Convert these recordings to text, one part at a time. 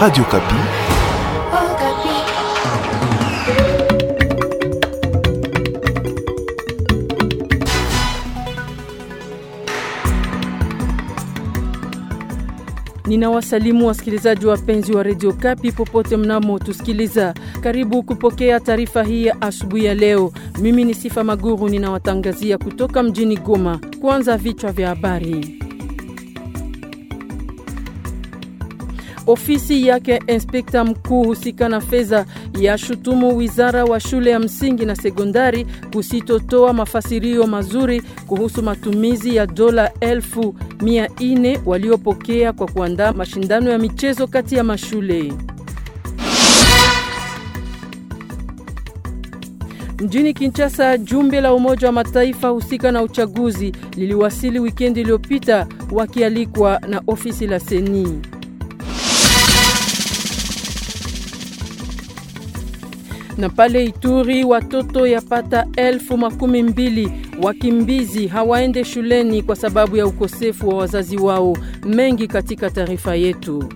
Radio Kapi. Oh, Kapi. Ninawasalimu wasikilizaji wapenzi wa Radio Kapi popote mnamo tusikiliza. Karibu kupokea taarifa hii ya asubuhi ya leo. Mimi ni Sifa Maguru ninawatangazia kutoka mjini Goma. Kwanza vichwa vya habari. Ofisi yake inspekta mkuu husika na fedha yashutumu wizara wa shule ya msingi na sekondari kusitotoa mafasirio mazuri kuhusu matumizi ya dola elfu mia nne waliopokea kwa kuandaa mashindano ya michezo kati ya mashule. Mjini Kinshasa, jumbe la Umoja wa Mataifa husika na uchaguzi liliwasili wikendi iliyopita wakialikwa na ofisi la senii Na pale Ituri watoto yapata elfu makumi mbili wakimbizi hawaende shuleni kwa sababu ya ukosefu wa wazazi wao. Mengi katika taarifa yetu.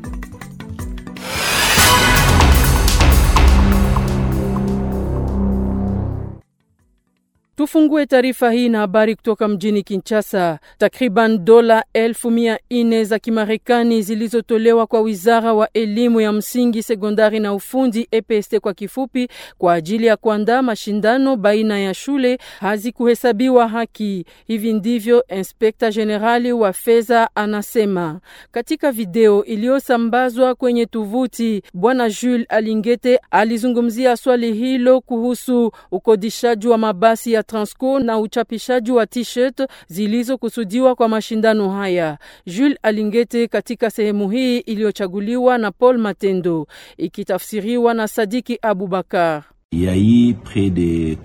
Tufungue taarifa hii na habari kutoka mjini Kinshasa. Takriban dola elfu mia nne za Kimarekani zilizotolewa kwa wizara wa elimu ya msingi, sekondari na ufundi EPST kwa kifupi, kwa ajili ya kuandaa mashindano baina ya shule hazikuhesabiwa haki. Hivi ndivyo inspekta jenerali wa fedha anasema katika video iliyosambazwa kwenye tuvuti Bwana Jules Alingete alizungumzia swali hilo kuhusu ukodishaji wa mabasi ya Transco na uchapishaji wa t-shirt zilizokusudiwa kwa mashindano haya. Jules Alingete katika sehemu hii iliyochaguliwa na Paul Matendo ikitafsiriwa na Sadiki Abubakar. Il y près de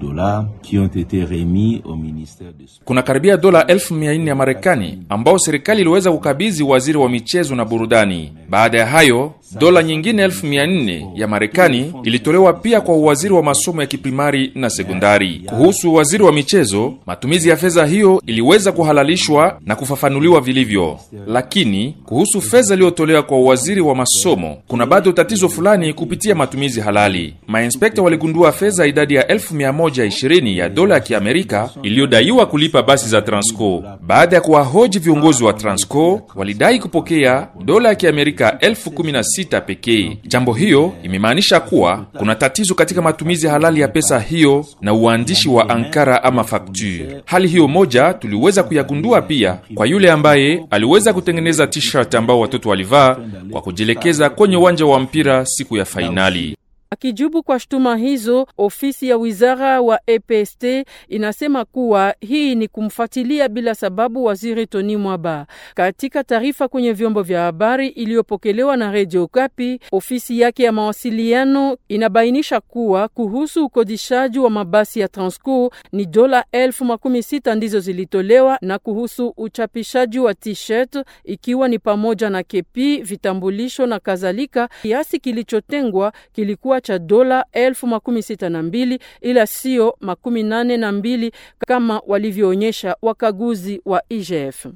dollars qui ont été remis au ministère de Sport. Kuna karibia dola elfu mia nne ya Marekani ambao serikali iliweza kukabidhi waziri wa michezo na burudani. Baada ya hayo, Dola nyingine elfu mia nne ya Marekani ilitolewa pia kwa uwaziri wa masomo ya kiprimari na sekondari. Kuhusu waziri wa michezo, matumizi ya fedha hiyo iliweza kuhalalishwa na kufafanuliwa vilivyo, lakini kuhusu fedha iliyotolewa kwa uwaziri wa masomo kuna bado tatizo fulani kupitia matumizi halali. Mainspekta waligundua fedha idadi ya elfu mia moja ishirini ya dola ya Kiamerika iliyodaiwa kulipa basi za Transco. Baada ya kuwahoji viongozi wa Transco, walidai kupokea dola ya Kiamerika elfu kumi na sita pekee. Jambo hiyo imemaanisha kuwa kuna tatizo katika matumizi halali ya pesa hiyo na uandishi wa ankara ama fakture. Hali hiyo moja tuliweza kuyagundua pia kwa yule ambaye aliweza kutengeneza t-shirt ambao watoto walivaa kwa kujielekeza kwenye uwanja wa mpira siku ya fainali. Akijibu kwa shtuma hizo, ofisi ya wizara wa EPST inasema kuwa hii ni kumfuatilia bila sababu waziri Tony Mwaba. Katika taarifa kwenye vyombo vya habari iliyopokelewa na Radio Kapi, ofisi yake ya mawasiliano inabainisha kuwa kuhusu ukodishaji wa mabasi ya Transco ni dola elfu makumi sita ndizo zilitolewa, na kuhusu uchapishaji wa t-shirt ikiwa ni pamoja na kepi, vitambulisho na kadhalika, kiasi kilichotengwa kilikuwa cha dola elfu makumi sita na mbili ila sio makumi nane na mbili kama walivyoonyesha wakaguzi wa IGF.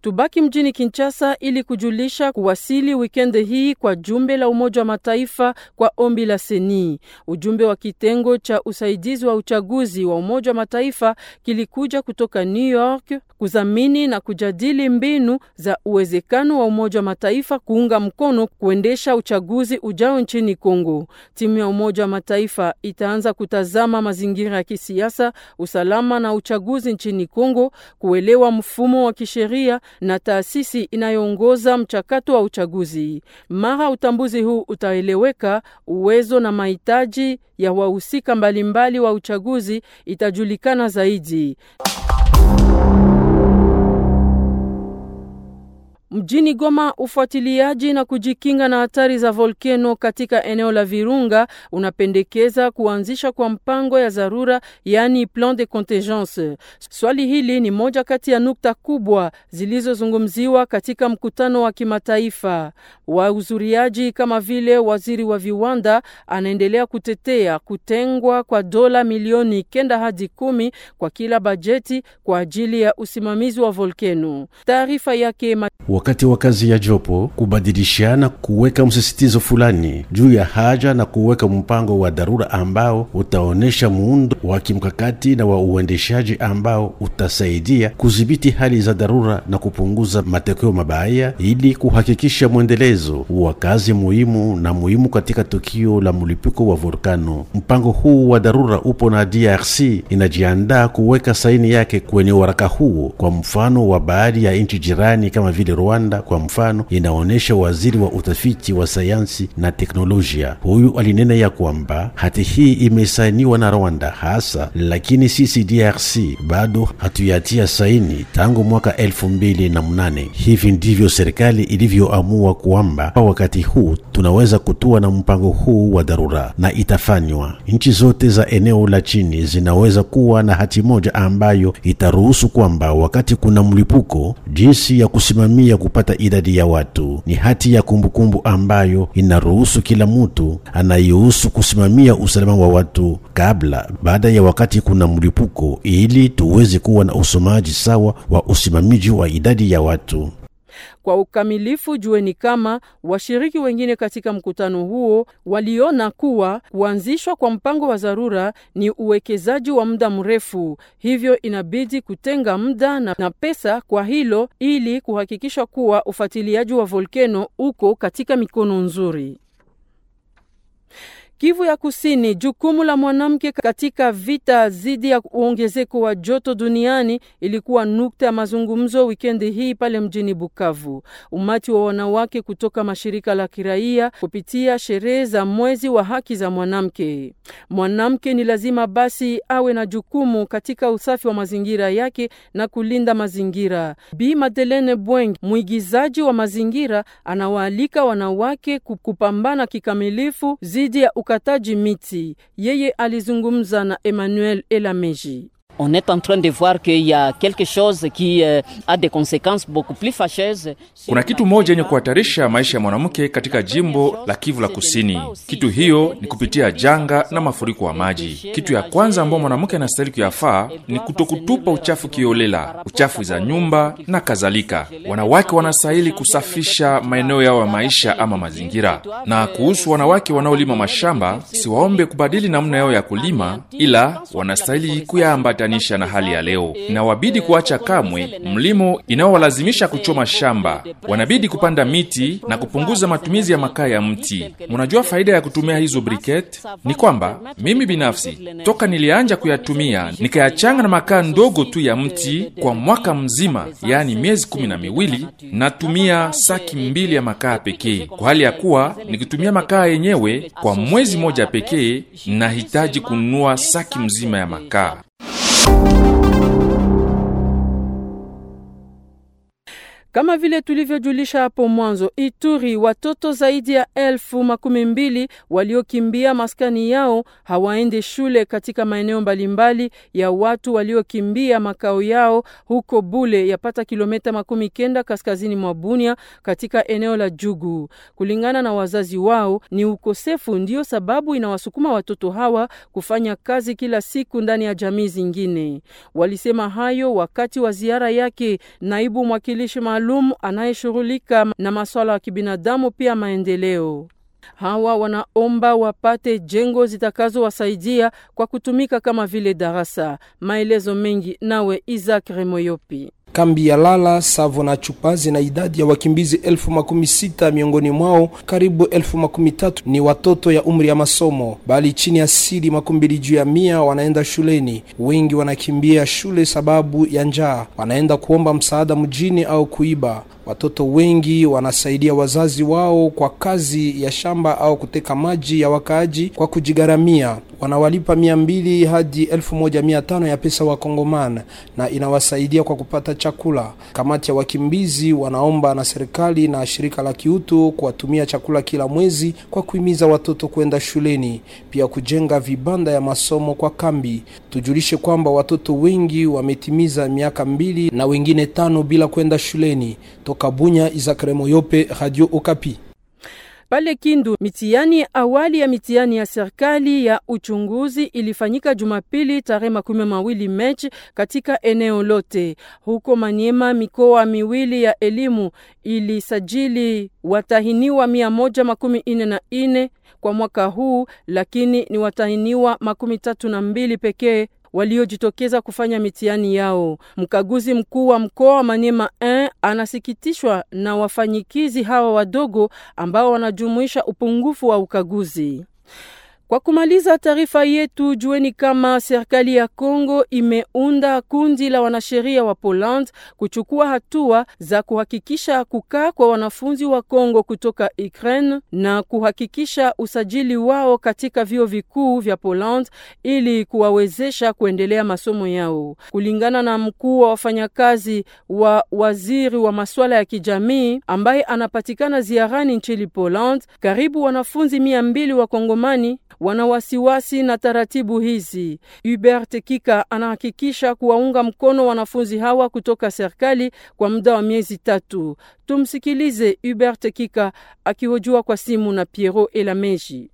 Tubaki mjini Kinshasa ili kujulisha kuwasili wikendi hii kwa jumbe la Umoja wa Mataifa kwa ombi la Seni. Ujumbe wa kitengo cha usaidizi wa uchaguzi wa Umoja wa Mataifa kilikuja kutoka New York kuzamini na kujadili mbinu za uwezekano wa Umoja wa Mataifa kuunga mkono kuendesha uchaguzi ujao nchini Kongo. Timu ya Umoja wa Mataifa itaanza kutazama mazingira ya kisiasa, usalama na uchaguzi nchini Kongo, kuelewa mfumo wa kisheria sheria na taasisi inayoongoza mchakato wa uchaguzi. Mara utambuzi huu utaeleweka, uwezo na mahitaji ya wahusika mbalimbali wa uchaguzi itajulikana zaidi. Mjini Goma, ufuatiliaji na kujikinga na hatari za volkeno katika eneo la Virunga unapendekeza kuanzisha kwa mpango ya dharura, yaani plan de contingence. Swali hili ni moja kati ya nukta kubwa zilizozungumziwa katika mkutano wa kimataifa. Wahudhuriaji kama vile waziri wa viwanda anaendelea kutetea kutengwa kwa dola milioni kenda hadi kumi kwa kila bajeti kwa ajili ya usimamizi wa volkeno. Taarifa yake wakati wa kazi ya jopo kubadilishana, kuweka msisitizo fulani juu ya haja na kuweka mpango wa dharura ambao utaonyesha muundo wa kimkakati na wa uendeshaji ambao utasaidia kudhibiti hali za dharura na kupunguza matokeo mabaya, ili kuhakikisha mwendelezo wa kazi muhimu na muhimu katika tukio la mlipuko wa volkano. Mpango huu wa dharura upo na DRC inajiandaa kuweka saini yake kwenye waraka huo, kwa mfano wa baadhi ya nchi jirani kama vile Rwanda Rwanda kwa mfano inaonyesha waziri wa utafiti wa sayansi na teknolojia huyu alinena ya kwamba hati hii imesainiwa na Rwanda hasa, lakini sisi DRC bado hatuyatia saini tangu mwaka elfu mbili na mnane. Hivi ndivyo serikali ilivyoamua kwamba kwa wakati huu tunaweza kutua na mpango huu wa dharura na itafanywa. Nchi zote za eneo la chini zinaweza kuwa na hati moja ambayo itaruhusu kwamba wakati kuna mlipuko jinsi ya kusimamia kupata idadi ya watu. Ni hati ya kumbukumbu ambayo inaruhusu kila mtu anayehusu kusimamia usalama wa watu kabla, baada ya wakati kuna mlipuko, ili tuweze kuwa na usomaji sawa wa usimamizi wa idadi ya watu kwa ukamilifu. Jueni kama washiriki wengine katika mkutano huo waliona kuwa kuanzishwa kwa mpango wa dharura ni uwekezaji wa muda mrefu, hivyo inabidi kutenga muda na, na pesa kwa hilo ili kuhakikisha kuwa ufuatiliaji wa volkeno uko katika mikono nzuri. Kivu ya Kusini, jukumu la mwanamke katika vita dhidi ya uongezeko wa joto duniani ilikuwa nukta ya mazungumzo wikendi hii pale mjini Bukavu. Umati wa wanawake kutoka mashirika la kiraia kupitia sherehe za mwezi wa haki za mwanamke. Mwanamke ni lazima basi awe na jukumu katika usafi wa mazingira yake na kulinda mazingira. Bi Madeleine Bweng, mwigizaji wa mazingira, anawaalika wanawake kupambana kikamilifu dhidi ya ukataji miti. Yeye alizungumza na Emmanuel Elameji. On est en train de voir qu'il y a quelque chose qui euh, a des conséquences beaucoup plus fâcheuses. Kuna kitu moja yenye kuhatarisha maisha ya mwanamke katika jimbo la Kivu la Kusini. Kitu hiyo ni kupitia janga na mafuriko wa maji. Kitu ya kwanza ambayo mwanamke anastahili kuyafaa ni kutokutupa uchafu kiolela, uchafu za nyumba na kadhalika. Wanawake wanastahili kusafisha maeneo yao ya maisha ama mazingira. Na kuhusu wanawake wanaolima mashamba, siwaombe kubadili namna yao ya kulima, ila wanastahili kuyaamba kuambatanisha na hali ya leo. Inawabidi kuacha kamwe mlimo inayowalazimisha kuchoma shamba, wanabidi kupanda miti na kupunguza matumizi ya makaa ya mti. Mnajua faida ya kutumia hizo briket ni kwamba mimi binafsi toka nilianja kuyatumia nikayachanga na makaa ndogo tu ya mti kwa mwaka mzima, yaani miezi kumi na miwili, natumia saki mbili ya makaa pekee, kwa hali ya kuwa nikitumia makaa yenyewe kwa mwezi moja pekee nahitaji kununua saki mzima ya makaa. Kama vile tulivyojulisha hapo mwanzo, Ituri, watoto zaidi ya elfu makumi mbili waliokimbia maskani yao hawaende shule katika maeneo mbalimbali ya watu waliokimbia makao yao huko Bule, yapata kilomita makumi kenda kaskazini mwa Bunia, katika eneo la Jugu. Kulingana na wazazi wao, ni ukosefu ndio sababu inawasukuma watoto hawa kufanya kazi kila siku ndani ya jamii zingine. Walisema hayo wakati wa ziara yake naibu mwakilishi maalum anayeshughulika na masuala ya kibinadamu pia maendeleo. Hawa wanaomba wapate jengo zitakazowasaidia kwa kutumika kama vile darasa. Maelezo mengi nawe Isaac Remoyopi. Kambi ya Lala, Savo na Chupa zina idadi ya wakimbizi elfu makumi sita miongoni mwao karibu elfu makumi tatu ni watoto ya umri ya masomo, bali chini ya sili makumi mbili juu ya mia wanaenda shuleni. Wengi wanakimbia shule sababu ya njaa, wanaenda kuomba msaada mjini au kuiba. Watoto wengi wanasaidia wazazi wao kwa kazi ya shamba au kuteka maji ya wakaaji kwa kujigharamia wanawalipa mia mbili hadi elfu moja mia tano ya pesa Kongoman na inawasaidia kwa kupata chakula. Kamati ya wakimbizi wanaomba na serikali na shirika la kiutu kuwatumia chakula kila mwezi kwa kuhimiza watoto kwenda shuleni, pia kujenga vibanda ya masomo kwa kambi. Tujulishe kwamba watoto wengi wametimiza miaka mbili na wengine tano bila kwenda shuleni. Toka Bunya, Izakare yope Radio Okapi. Pale Kindu, mitihani awali ya mitihani ya serikali ya uchunguzi ilifanyika Jumapili tarehe makumi mawili Mechi katika eneo lote. Huko Manyema, mikoa miwili ya elimu ilisajili watahiniwa mia moja makumi ine na ine kwa mwaka huu, lakini ni watahiniwa makumi tatu na mbili pekee waliojitokeza kufanya mitihani yao. Mkaguzi mkuu wa mkoa wa manema eh, anasikitishwa na wafanyikizi hawa wadogo ambao wanajumuisha upungufu wa ukaguzi. Kwa kumaliza taarifa yetu, jueni kama serikali ya Kongo imeunda kundi la wanasheria wa Poland kuchukua hatua za kuhakikisha kukaa kwa wanafunzi wa Kongo kutoka Ukraine na kuhakikisha usajili wao katika vyuo vikuu vya Poland ili kuwawezesha kuendelea masomo yao. Kulingana na mkuu wa wafanyakazi wa waziri wa masuala ya kijamii ambaye anapatikana ziarani nchini Poland, karibu wanafunzi mia mbili wa Kongomani wana wasiwasi na taratibu hizi. Hubert Kika anahakikisha kuwaunga mkono wanafunzi hawa kutoka serikali kwa muda wa miezi tatu. Tumsikilize Hubert Kika akihojiwa kwa simu na Piero Elameji.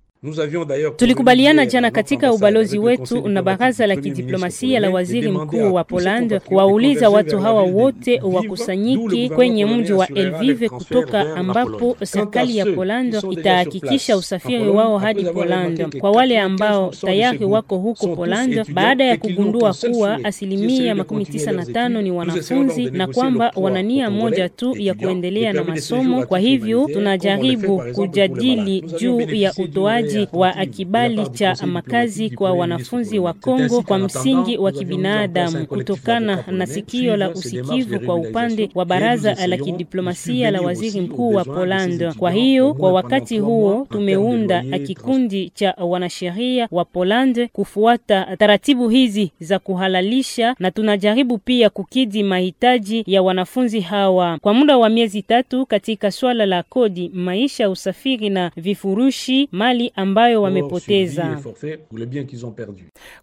Tulikubaliana jana katika ubalozi wetu na baraza la kidiplomasia la waziri mkuu wa Poland kuwauliza watu hawa wote wakusanyiki kwenye mji wa Elvive kutoka ambapo serikali ya Poland itahakikisha usafiri wao hadi Poland. Kwa wale ambao tayari wako huko Poland baada ya kugundua kuwa asilimia makumi tisa na tano ni wanafunzi na kwamba wanania moja tu ya kuendelea na masomo, kwa hivyo tunajaribu kujadili juu ya utoaji upatikanaji wa kibali cha makazi kwa wanafunzi wa Kongo kwa msingi wa kibinadamu kutokana na sikio la usikivu kwa upande wa baraza la kidiplomasia la waziri mkuu wa Poland. Kwa hiyo kwa wakati huo tumeunda kikundi cha wanasheria wa Poland kufuata taratibu hizi za kuhalalisha, na tunajaribu pia kukidhi mahitaji ya wanafunzi hawa kwa muda wa miezi tatu katika swala la kodi, maisha, usafiri na vifurushi mali ambayo oh, wamepoteza.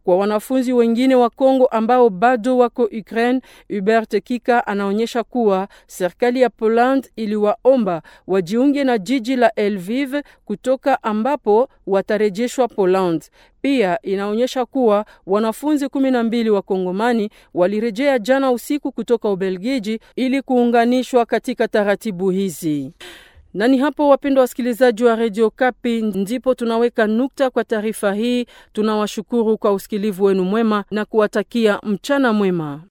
Kwa wanafunzi wengine wa Kongo ambao bado wako Ukraine, Hubert Kika anaonyesha kuwa serikali ya Poland iliwaomba wajiunge na jiji la Lviv kutoka ambapo watarejeshwa Poland. Pia inaonyesha kuwa wanafunzi kumi na mbili wa Kongomani walirejea jana usiku kutoka Ubelgiji ili kuunganishwa katika taratibu hizi. Na ni hapo wapendwa wasikilizaji wa redio Kapi, ndipo tunaweka nukta kwa taarifa hii. Tunawashukuru kwa usikilivu wenu mwema na kuwatakia mchana mwema.